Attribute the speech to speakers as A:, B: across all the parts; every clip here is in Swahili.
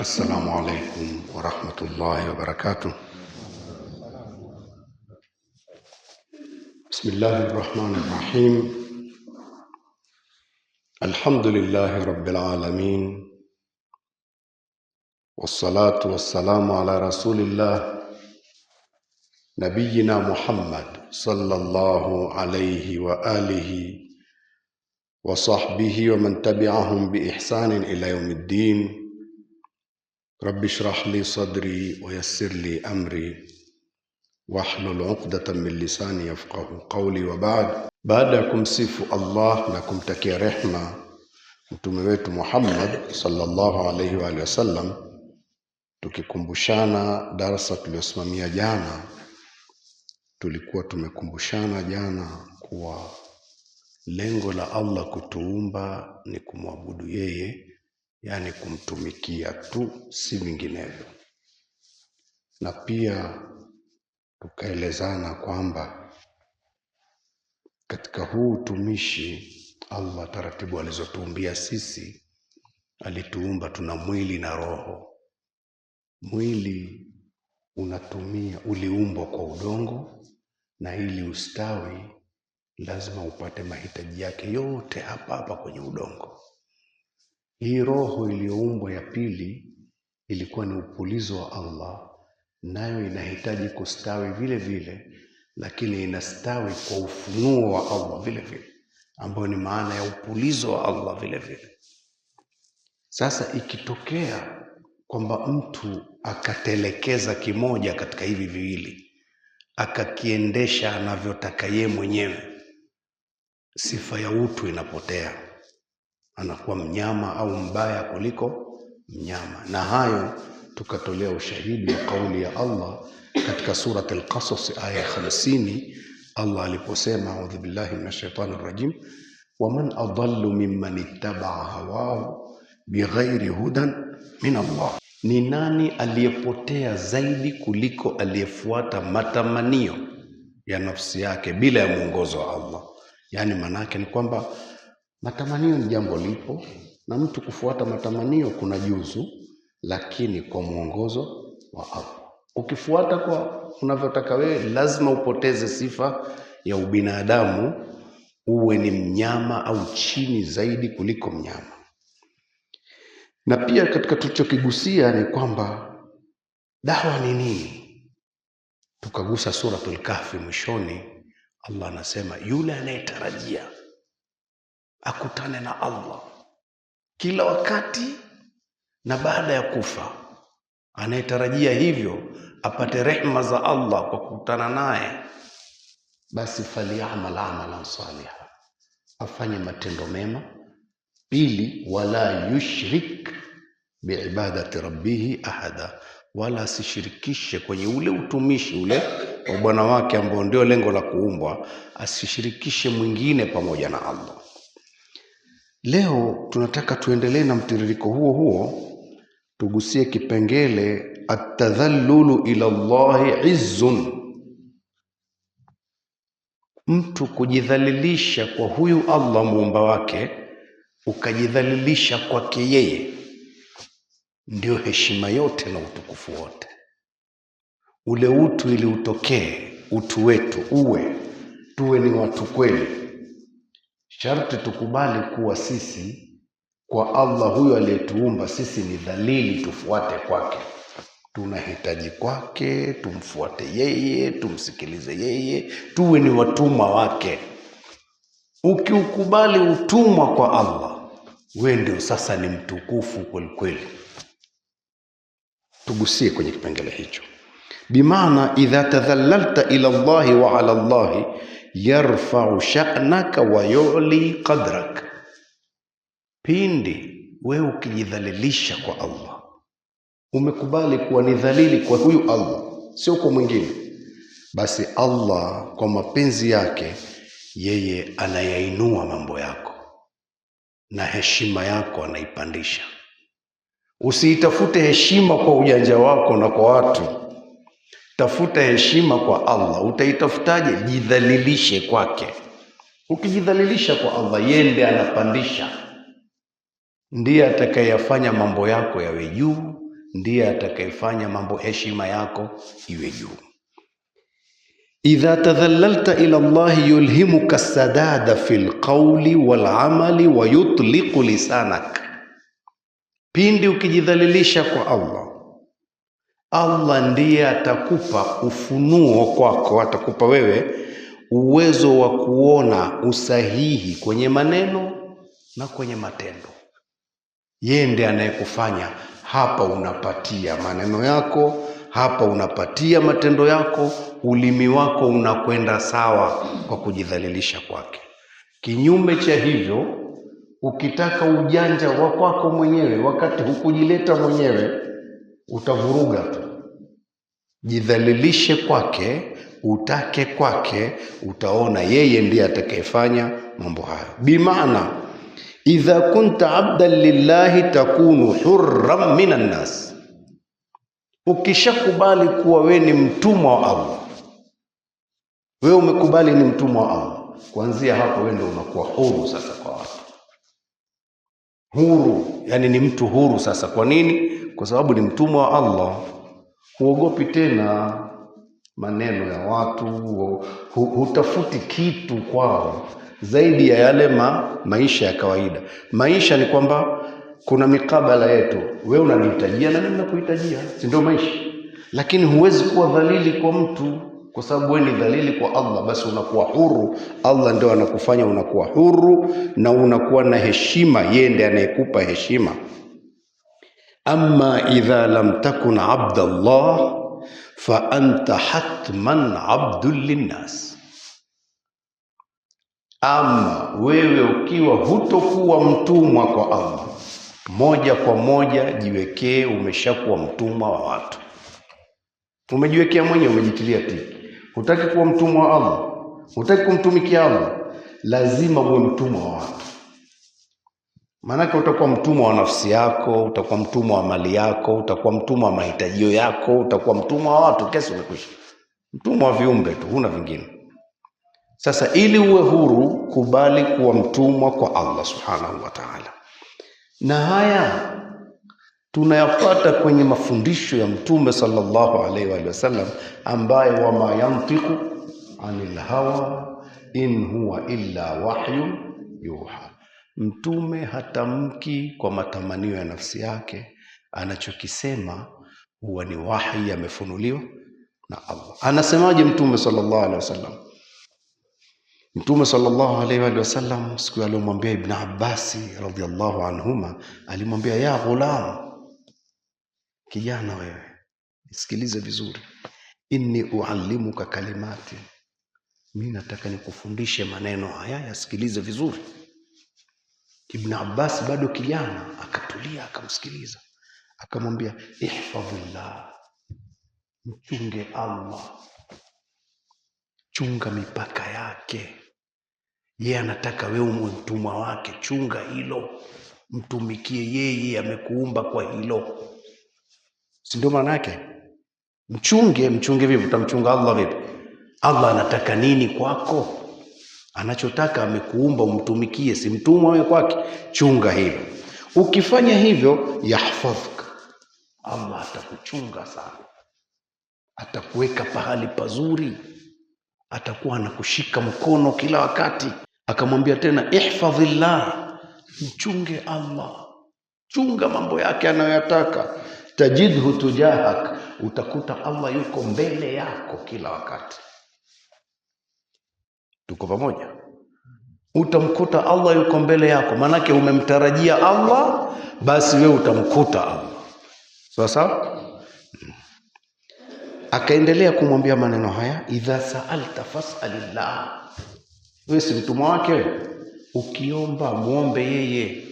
A: السلام عليكم ورحمة الله وبركاته بسم الله الرحمن الرحيم الحمد لله رب العالمين والصلاة والسلام على رسول الله نبينا محمد صلى الله عليه وآله وصحبه ومن تبعهم بإحسان إلى يوم الدين رب اشرح لي صدري ويسر لي امري واحلل uqdatan من لساني yafqahu قولي وبعد بعد Baada ya kumsifu Allah na kumtakia rehma mtume wetu Muhammad sallallahu alaihi wa wasallam, tukikumbushana darasa tuliyosimamia jana, tulikuwa tumekumbushana jana kuwa lengo la Allah kutuumba ni kumwabudu yeye yaani kumtumikia tu, si vinginevyo. Na pia tukaelezana kwamba katika huu utumishi Allah taratibu alizotuumbia sisi, alituumba tuna mwili na roho. Mwili unatumia uliumbwa kwa udongo, na ili ustawi lazima upate mahitaji yake yote hapa hapa kwenye udongo. Hii roho iliyoumbwa ya pili ilikuwa ni upulizo wa Allah, nayo inahitaji kustawi vile vile, lakini inastawi kwa ufunuo wa Allah vile vile, ambayo ni maana ya upulizo wa Allah vile vile. Sasa ikitokea kwamba mtu akatelekeza kimoja katika hivi viwili, akakiendesha anavyotaka yeye mwenyewe, sifa ya utu inapotea anakuwa mnyama au mbaya kuliko mnyama, na hayo tukatolea ushahidi wa kauli ya Allah katika Surat Al-Qasas aya ya 50, Allah aliposema, audhu billahi minash shaitani rajim, waman adallu mimman ittabaa hawahu bighairi hudan min Allah, ni nani aliyepotea zaidi kuliko aliyefuata matamanio ya nafsi yake bila ya mwongozo wa Allah? yani manake ni kwamba Matamanio ni jambo lipo, na mtu kufuata matamanio kuna juzu, lakini kwa mwongozo wa Allah. Ukifuata kwa unavyotaka wewe, lazima upoteze sifa ya ubinadamu, uwe ni mnyama au chini zaidi kuliko mnyama. Na pia katika tulichokigusia ni kwamba dawa ni nini? Tukagusa Suratul Kahfi mwishoni, Allah anasema yule anayetarajia akutane na Allah kila wakati na baada ya kufa. Anayetarajia hivyo apate rehma za Allah kwa kukutana naye, basi faliamal amalan saliha, afanye matendo mema. Pili, wala yushrik biibadati rabbihi ahada, wala asishirikishe kwenye ule utumishi ule wa bwana wake ambao ndio lengo la kuumbwa, asishirikishe mwingine pamoja na Allah. Leo tunataka tuendelee na mtiririko huo huo, tugusie kipengele atadhallulu ila Allahi izzun, mtu kujidhalilisha kwa huyu Allah muumba wake, ukajidhalilisha kwake yeye, ndio heshima yote na utukufu wote. Ule utu ili utokee, utu wetu uwe, tuwe ni watu kweli Sharti tukubali kuwa sisi kwa Allah huyo aliyetuumba sisi ni dhalili, tufuate kwake, tunahitaji kwake, tumfuate yeye, tumsikilize yeye, tuwe ni watumwa wake. Ukiukubali utumwa kwa Allah, we ndio sasa ni mtukufu kwelikweli. Tugusie kwenye kipengele hicho, bimaana idha tadhallalta ila llahi wa ala llahi yarfau sha'naka wa yu'li qadrak, pindi wewe ukijidhalilisha kwa Allah, umekubali kuwa ni dhalili kwa huyu Allah, sio kwa mwingine, basi Allah kwa mapenzi yake yeye anayainua mambo yako na heshima yako anaipandisha. Usiitafute heshima kwa ujanja wako na kwa watu Tafuta heshima kwa Allah. Utaitafutaje? Jidhalilishe kwake. Ukijidhalilisha kwa Allah, yende anapandisha, ndiye atakayeyafanya mambo yako yawe juu, ndiye atakayefanya mambo heshima yako iwe juu. Idha tadhallalta ila Allah yulhimuka sadada fil qawli wal amali wa yutliqu lisanak, pindi ukijidhalilisha kwa Allah Allah ndiye atakupa ufunuo kwako, atakupa wewe uwezo wa kuona usahihi kwenye maneno na kwenye matendo. Yeye ndiye anayekufanya hapa unapatia maneno yako, hapa unapatia matendo yako, ulimi wako unakwenda sawa kwa kujidhalilisha kwake. Kinyume cha hivyo, ukitaka ujanja wa kwako mwenyewe wakati hukujileta mwenyewe, utavuruga tu jidhalilishe kwake, utake kwake, utaona yeye ndiye atakayefanya mambo hayo. Bimaana idha kunta abdan lillahi takunu hurran minan nas, ukishakubali kuwa we ni mtumwa wa Allah, wewe umekubali ni mtumwa wa Allah, kuanzia hapo wewe ndio unakuwa huru sasa kwa watu huru, yani ni mtu huru sasa. Kwa nini? Kwa sababu ni mtumwa wa Allah. Huogopi tena maneno ya watu, hu, hutafuti kitu kwao zaidi ya yale ma, maisha ya kawaida. Maisha ni kwamba kuna mikabala yetu, wewe unanihitajia na mimi nakuhitajia, si ndio maisha? Lakini huwezi kuwa dhalili kwa mtu, kwa sababu wewe ni dhalili kwa Allah, basi unakuwa huru. Allah ndio anakufanya unakuwa huru na unakuwa na heshima, yeye ndiye anayekupa heshima amma idha lam takun abdallah fa anta hatman abdul linnas, ama wewe ukiwa hutokuwa mtumwa kwa Allah, moja kwa moja jiwekee, umeshakuwa mtumwa wa watu. Umejiwekea mwenye umejitilia tiki. Hutaki kuwa mtumwa wa Allah, hutaki kumtumikia Allah, lazima uwe mtumwa wa watu. Maanake utakuwa mtumwa wa nafsi yako, utakuwa mtumwa wa mali yako, utakuwa mtumwa wa mahitajio yako, utakuwa mtumwa wa watu. Kesi umekwisha, mtumwa wa viumbe tu, huna vingine. Sasa ili uwe huru, kubali kuwa mtumwa kwa Allah subhanahu wa taala, na haya tunayapata kwenye mafundisho ya Mtume sallallahu alaihi wasallam, ambaye wama yantiqu anil hawa in huwa illa wahyun yuha Mtume hatamki kwa matamanio ya nafsi yake, anachokisema huwa ni wahi, amefunuliwa na Allah. Anasemaje Mtume sallallahu alaihi wasallam? Mtume sallallahu alaihi wasallam siku aliyomwambia Ibn Abbas radhiallahu anhuma, alimwambia ya ghulam, kijana wewe, nisikilize vizuri, inni uallimuka kalimati, mimi nataka nikufundishe maneno haya, yasikilize vizuri Ibn Abbas bado kijana akatulia, akamsikiliza, akamwambia ihfadhullah, mchunge Allah, chunga mipaka yake. Yeye anataka wewe umwe mtumwa wake, chunga hilo, mtumikie yeye, amekuumba kwa hilo, si ndio maana yake? Mchunge, mchunge vipi? Utamchunga Allah vipi? Allah anataka nini kwako? Anachotaka amekuumba umtumikie, si mtumwa wewe kwake. Chunga hilo. Ukifanya hivyo, yahfadhka, Allah atakuchunga sana, atakuweka pahali pazuri, atakuwa anakushika mkono kila wakati. Akamwambia tena ihfadhillah, mchunge Allah, chunga mambo yake anayoyataka. Tajidhu tujahak, utakuta Allah yuko mbele yako kila wakati tuko pamoja utamkuta allah yuko mbele yako maanake umemtarajia allah basi wewe utamkuta allah sawa sawa hmm. akaendelea kumwambia maneno haya idha saalta fasalillah wewe si mtumwa wake ukiomba muombe yeye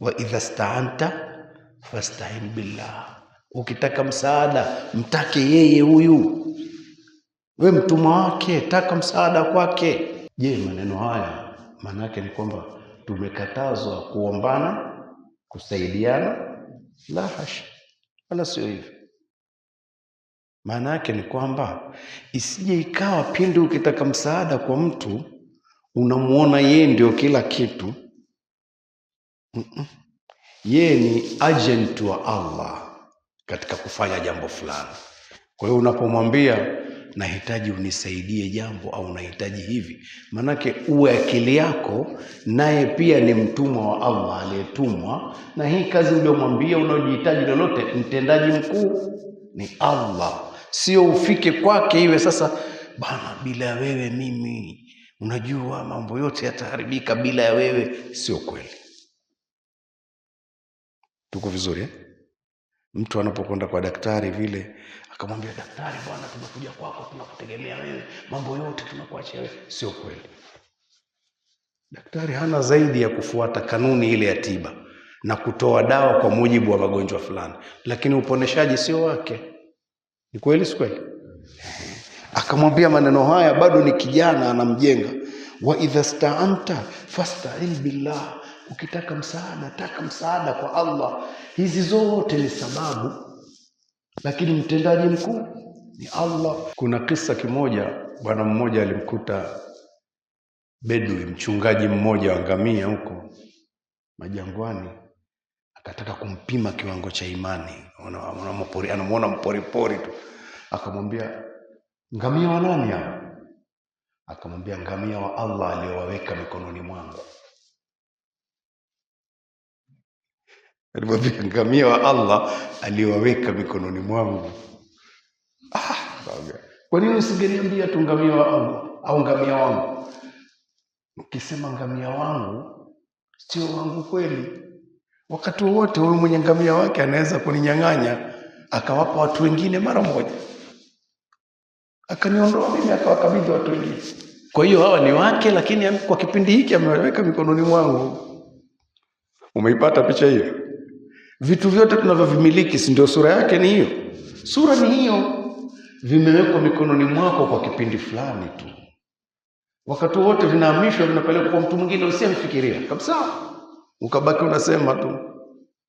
A: wa idha staanta fastain billah ukitaka msaada mtake yeye huyu we mtumwa wake, taka msaada kwake. Je, maneno haya maana yake ni kwamba tumekatazwa kuombana, kusaidiana? La hasha, wala sio hivyo. Maana yake ni kwamba isije ikawa pindi ukitaka msaada kwa mtu unamuona yeye ndio kila kitu. mm -mm. Yeye ni agent wa Allah katika kufanya jambo fulani. Kwa hiyo unapomwambia nahitaji unisaidie jambo au nahitaji hivi. Manake uwe akili yako naye pia ni mtumwa wa Allah aliyetumwa, na hii kazi uliomwambia unaojihitaji lolote, mtendaji mkuu ni Allah, sio ufike kwake iwe sasa bana, bila wewe mimi unajua mambo yote yataharibika, bila ya wewe. Sio kweli, tuko vizuri eh? Mtu anapokwenda kwa daktari vile Akamwambia daktari, bwana, tumekuja kwako, tunakutegemea wewe, mambo yote tunakuachia wewe. Sio kweli. Daktari hana zaidi ya kufuata kanuni ile ya tiba na kutoa dawa kwa mujibu wa magonjwa fulani, lakini uponeshaji sio wake. Ni kweli, si kweli? Akamwambia maneno haya, bado ni kijana, anamjenga. Wa idha staanta fastain billah, ukitaka msaada taka msaada kwa Allah. Hizi zote ni sababu lakini mtendaji mkuu ni Allah. Kuna kisa kimoja, bwana mmoja alimkuta bedui mchungaji mmoja wa ngamia huko majangwani, akataka kumpima kiwango cha imani, anamwona mporipori tu, akamwambia ngamia wa nani hao? Akamwambia ngamia wa Allah aliyowaweka mikononi mwangu. Alimwambia ngamia wa Allah aliwaweka mikononi mwangu. Ah, kwa nini usingeniambia tu ngamia wa Allah au ngamia wangu? Ukisema ngamia wangu sio wangu kweli. Wakati wowote huyu mwenye ngamia wake anaweza kuninyang'anya akawapa watu wengine mara moja, akaniondoa mimi akawakabidhi watu wengine. Kwa hiyo hawa ni wake, lakini kwa kipindi hiki ameweka mikononi mwangu. Umeipata picha hiyo? Vitu vyote tunavyovimiliki, si ndio? Sura yake ni hiyo, sura ni hiyo, vimewekwa mikononi mwako kwa kipindi fulani tu, wakati wote vinahamishwa, vinapelekwa kwa mtu mwingine usiyemfikiria kabisa, ukabaki unasema tu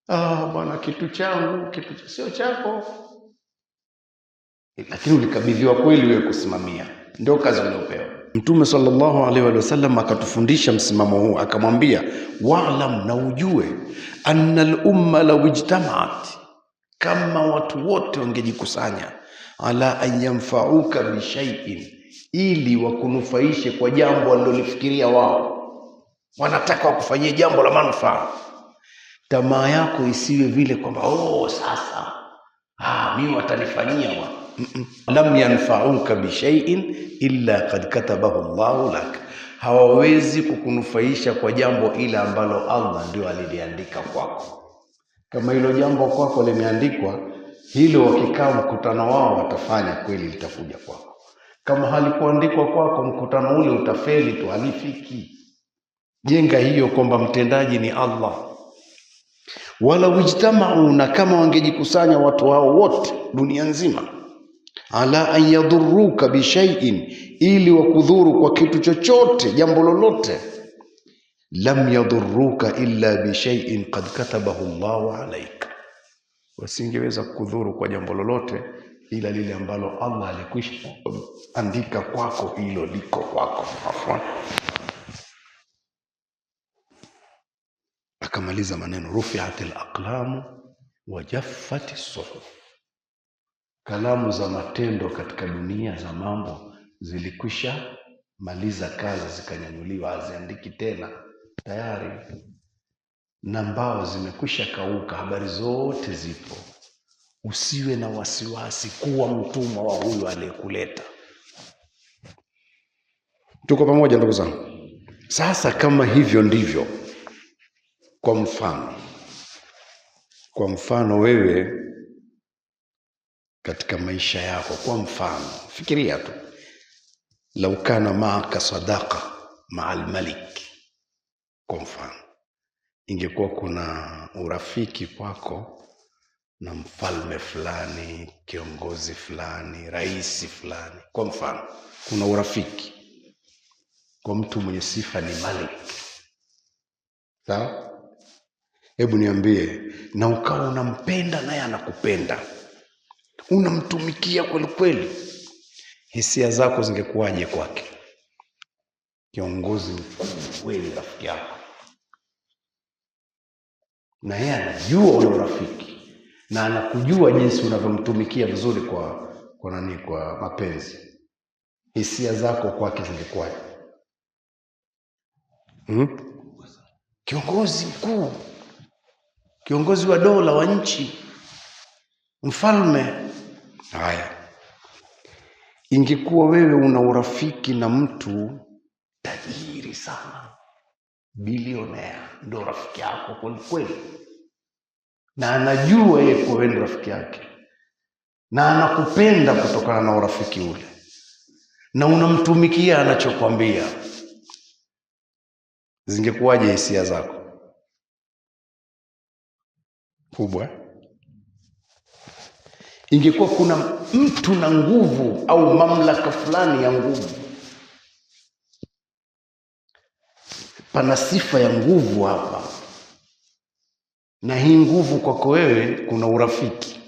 A: ah, bwana, kitu changu, kitu sio chako, eh, lakini ulikabidhiwa kweli wewe kusimamia, ndio kazi uliopewa. Mtume sallallahu alaihi wasallam akatufundisha msimamo huu, akamwambia waalam, na ujue anna al-umma law ijtamaat, kama watu wote wangejikusanya ala an yanfauka bishaiin, ili wakunufaishe kwa jambo walilolifikiria wao, wanataka wakufanyie jambo la manufaa. Tamaa yako isiwe vile kwamba oh, sasa ah, mimi watanifanyia wa lam yanfauka bishaiin illa kad katabahu llahu lak, hawawezi kukunufaisha kwa jambo ile ambalo Allah ndio aliliandika kwako. Kama hilo jambo kwako limeandikwa hilo, wakikaa mkutano wao watafanya kweli, litakuja kwako. Kama halikuandikwa kwako, mkutano ule utafeli tu, halifiki. Jenga hiyo kwamba mtendaji ni Allah. Wala wijtamau, na kama wangejikusanya watu hao wote dunia nzima ala an yadhuruka bishaiin, ili wakudhuru kwa kitu chochote, jambo lolote. Lam yadhuruka illa bishaiin qad katabahu Allahu alaika, wasingeweza kudhuru kwa jambo lolote ila lile ambalo Allah alikwisha andika kwako, hilo liko kwako. Akamaliza maneno rufiatil aqlamu wa jaffati suhuf Kalamu za matendo katika dunia za mambo zilikwisha maliza kazi, zikanyanyuliwa, haziandiki tena tayari, na mbao zimekwisha kauka, habari zote zipo. Usiwe na wasiwasi, kuwa mtumwa wa huyu aliyekuleta. Tuko pamoja ndugu zangu? Sasa kama hivyo ndivyo, kwa mfano, kwa mfano wewe katika maisha yako. Kwa mfano, fikiria tu, lau kana maaka sadaka maa almalik, kwa mfano, ingekuwa kuna urafiki kwako na mfalme fulani, kiongozi fulani, rais fulani. Kwa mfano, kuna urafiki kwa mtu mwenye sifa ni malik, sawa? Hebu niambie, na ukawa unampenda naye anakupenda unamtumikia kweli kweli, hisia zako zingekuwaje kwake? Kiongozi mkuu kweli, rafiki yako, na yeye anajua ule urafiki na anakujua jinsi unavyomtumikia vizuri kwa kwa nani, kwa mapenzi. Hisia zako kwake zingekuwaje? hmm? Kiongozi mkuu, kiongozi wa dola, wa nchi, mfalme Haya, ingekuwa wewe una urafiki na mtu tajiri sana, bilionea, ndo rafiki yako kwelikweli, na anajua yeye kuwa wewe ni rafiki yake, na anakupenda kutokana na urafiki ule, na unamtumikia anachokwambia, zingekuwaje hisia zako kubwa ingekuwa kuna mtu na nguvu au mamlaka fulani ya nguvu, pana sifa ya nguvu hapa, na hii nguvu kwako wewe, kuna urafiki.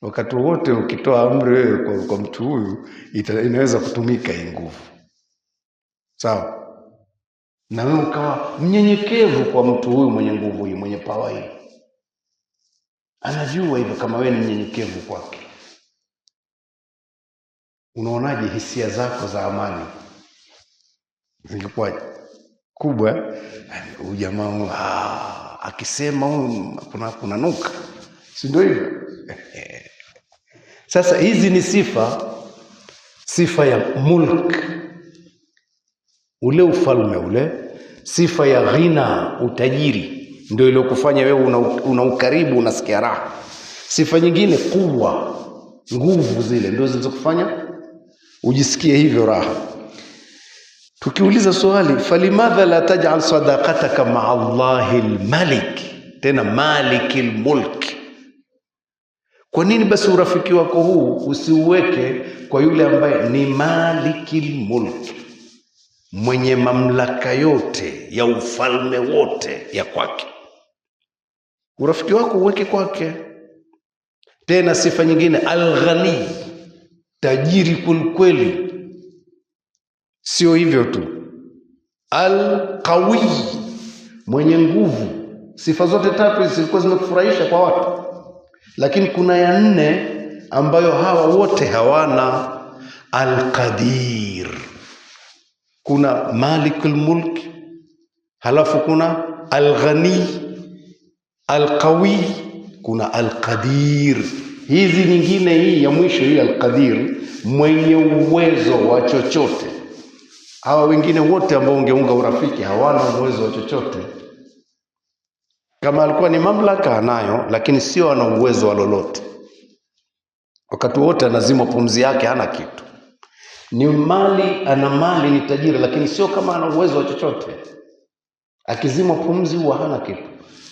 A: Wakati wowote ukitoa amri wewe kwa, kwa mtu huyu inaweza kutumika hii nguvu, sawa na wewe ukawa mnyenyekevu kwa mtu huyu mwenye nguvu hii, mwenye pawa hii Anajua hivyo kama wewe ni mnyenyekevu kwake. Unaonaje hisia zako za amani zingekuwa kubwa? Huyu jamaa ah, akisema kuna nuka si ndio hivyo? Sasa hizi ni sifa, sifa ya mulk ule ufalme ule, sifa ya ghina utajiri ndio iliokufanya wewe una, una ukaribu unasikia raha. Sifa nyingine kubwa, nguvu zile ndio zilizokufanya ujisikie hivyo raha. Tukiuliza swali, falimadha la taj'al sadaqataka ma'a llahi al-Malik, tena maliki mulk kwa nini basi urafiki wako huu usiuweke kwa yule ambaye ni maliki mulk mwenye mamlaka yote ya ufalme wote ya kwake? Urafiki wako uweke kwake. Tena sifa nyingine, alghali tajiri kwelikweli. Sio hivyo tu, alqawi, mwenye nguvu. Sifa zote tatu zilikuwa zimekufurahisha kwa watu, lakini kuna ya nne ambayo hawa wote hawana, alqadir. Kuna malikul mulk, halafu kuna alghani alqawi kuna alqadir hizi nyingine hii ya mwisho hii alqadir mwenye uwezo wa chochote hawa wengine wote ambao ungeunga urafiki hawana uwezo wa chochote kama alikuwa ni mamlaka anayo lakini sio ana uwezo wa lolote wakati wote anazima pumzi yake hana kitu ni mali ana mali ni tajiri lakini sio kama ana uwezo wa chochote akizima pumzi huwa hana kitu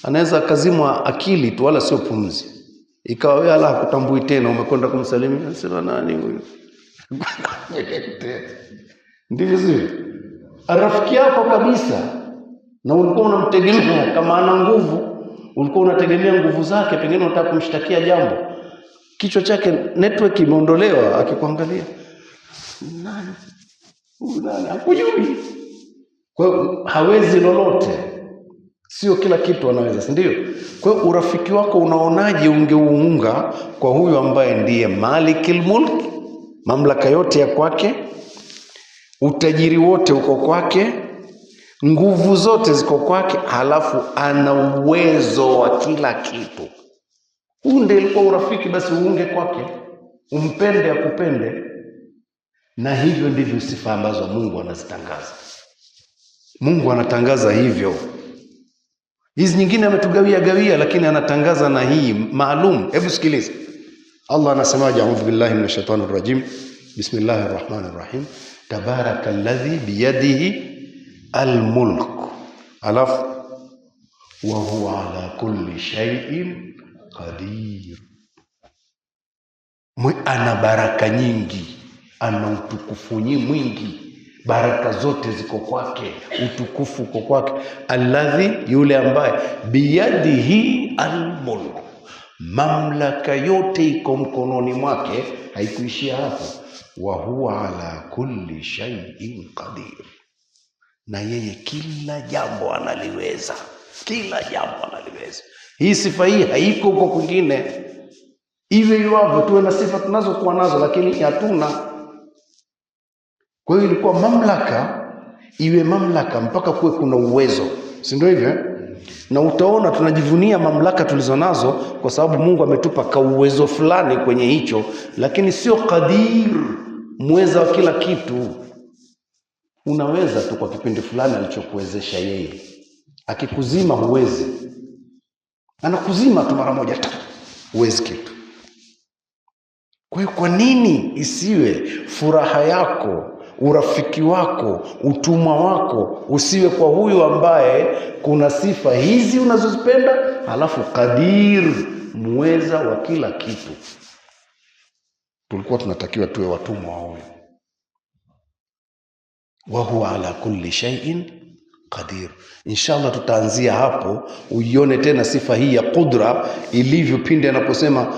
A: anaweza akazimwa akili tu wala sio pumzi ikawa wewe ala hakutambui tena umekwenda kumsalimia anasema nani huyu ndivyo sivyo rafiki yako kabisa na ulikuwa unamtegemea kama ana nguvu ulikuwa unategemea nguvu zake pengine unataka kumshtakia jambo kichwa chake network imeondolewa akikuangalia nani huyu nani hakujui kwa hiyo hawezi lolote sio kila kitu anaweza, si ndio? Kwa hiyo urafiki wako unaonaje ungeuunga kwa huyu ambaye ndiye malikil mulk, mamlaka yote ya kwake, utajiri wote uko kwake, nguvu zote ziko kwake, halafu ana uwezo wa kila kitu. Huu ndio ilikuwa urafiki, basi uunge kwake, umpende akupende. Na hivyo ndivyo sifa ambazo Mungu anazitangaza. Mungu anatangaza hivyo. Hizi nyingine ametugawia gawia, lakini anatangaza na hii maalum. Hebu sikiliza, Allah anasemaje? A'udhu billahi minash shaitani rajim, bismillahir rahmanir rahim, tabaraka alladhi biyadihi almulk, alafu wa huwa ala kulli shay'in qadir. Ana baraka nyingi, ana utukufu mwingi baraka zote ziko kwake, utukufu uko kwake. Alladhi, yule ambaye biyadihi almulku, mamlaka yote iko mkononi mwake. Haikuishia hapo, wa huwa ala kulli shaiin qadir, na yeye kila jambo analiweza, kila jambo analiweza. Hii sifa hii haiko huko kwingine, hivyo iwavyo tuwe na sifa tunazokuwa nazo, lakini hatuna kwa hiyo ilikuwa mamlaka iwe mamlaka mpaka kuwe kuna uwezo, si ndio hivyo? Eh? Na utaona tunajivunia mamlaka tulizonazo kwa sababu Mungu ametupa ka uwezo fulani kwenye hicho, lakini sio kadir, mweza wa kila kitu. Unaweza tu kwa kipindi fulani alichokuwezesha yeye. Akikuzima huwezi, anakuzima tu mara moja tu, huwezi kitu. Kwa hiyo, kwa nini isiwe furaha yako urafiki wako, utumwa wako usiwe kwa huyu ambaye kuna sifa hizi unazozipenda, alafu kadir, muweza wa kila kitu. Tulikuwa tunatakiwa tuwe watumwa wa huyu. Wa huwa ala kulli shay'in qadir. Inshallah, tutaanzia hapo, uione tena sifa hii ya qudra ilivyo pindi anaposema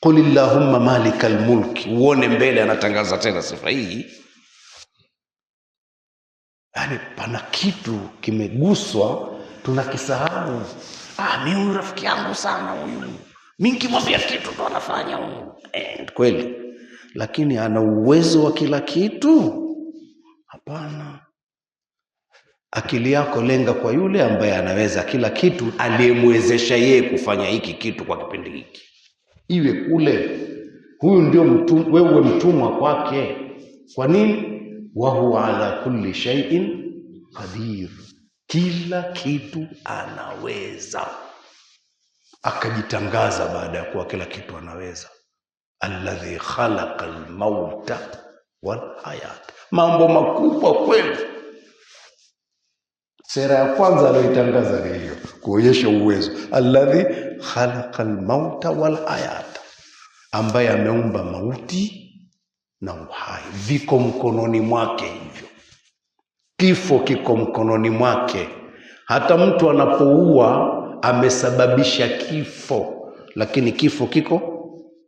A: qul illahumma malikal lmulki Uone mbele anatangaza tena sifa hii. Yaani pana kitu kimeguswa, tunakisahau. Ah, mi huyu rafiki yangu sana huyu, mi nikimwambia kitu ndo anafanya huyu. Eh, kweli, lakini ana uwezo wa kila kitu? Hapana. Akili yako lenga kwa yule ambaye anaweza kila kitu, aliyemwezesha yeye kufanya hiki kitu kwa kipindi hiki, iwe kule. Huyu ndio mtu, wewe mtumwa kwake. Kwa nini? wa huwa ala kulli shay'in qadir, kila kitu anaweza. Akajitangaza baada ya kuwa kila kitu anaweza, alladhi khalaqa almauta wal mambo makubwa kweli. Sera ya kwanza aliyoitangaza ni hiyo, kuonyesha uwezo. Alladhi khalaqa almauta wal ambaye ameumba mauti na uhai viko mkononi mwake. Hivyo kifo kiko mkononi mwake. Hata mtu anapoua amesababisha kifo, lakini kifo kiko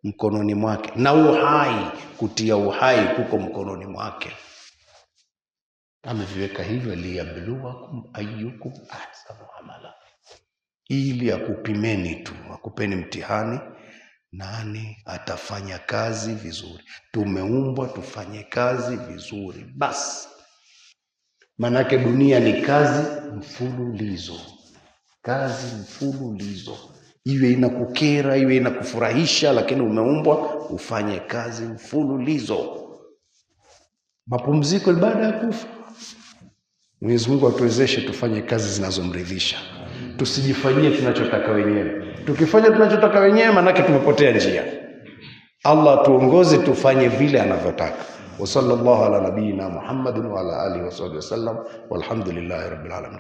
A: mkononi mwake, na uhai, kutia uhai kuko mkononi mwake. Ameviweka hivyo, liyabluwakum ayyukum ahsanu amala, ili akupimeni tu, akupeni mtihani nani atafanya kazi vizuri? Tumeumbwa tufanye kazi vizuri basi, manake dunia ni kazi mfululizo, kazi mfululizo, iwe inakukera iwe inakufurahisha, lakini umeumbwa ufanye kazi mfululizo. Mapumziko ni baada ya kufa. Mwenyezi Mungu atuwezeshe tufanye kazi zinazomridhisha tusijifanyie tunachotaka wenyewe. Tukifanya tunachotaka wenyewe, maanake tumepotea njia. Allah tuongoze tufanye vile anavyotaka. Wa sallallahu ala nabiyina Muhammadin wa ala alihi wa sahbihi wasallam, walhamdulillahi rabbil alamin.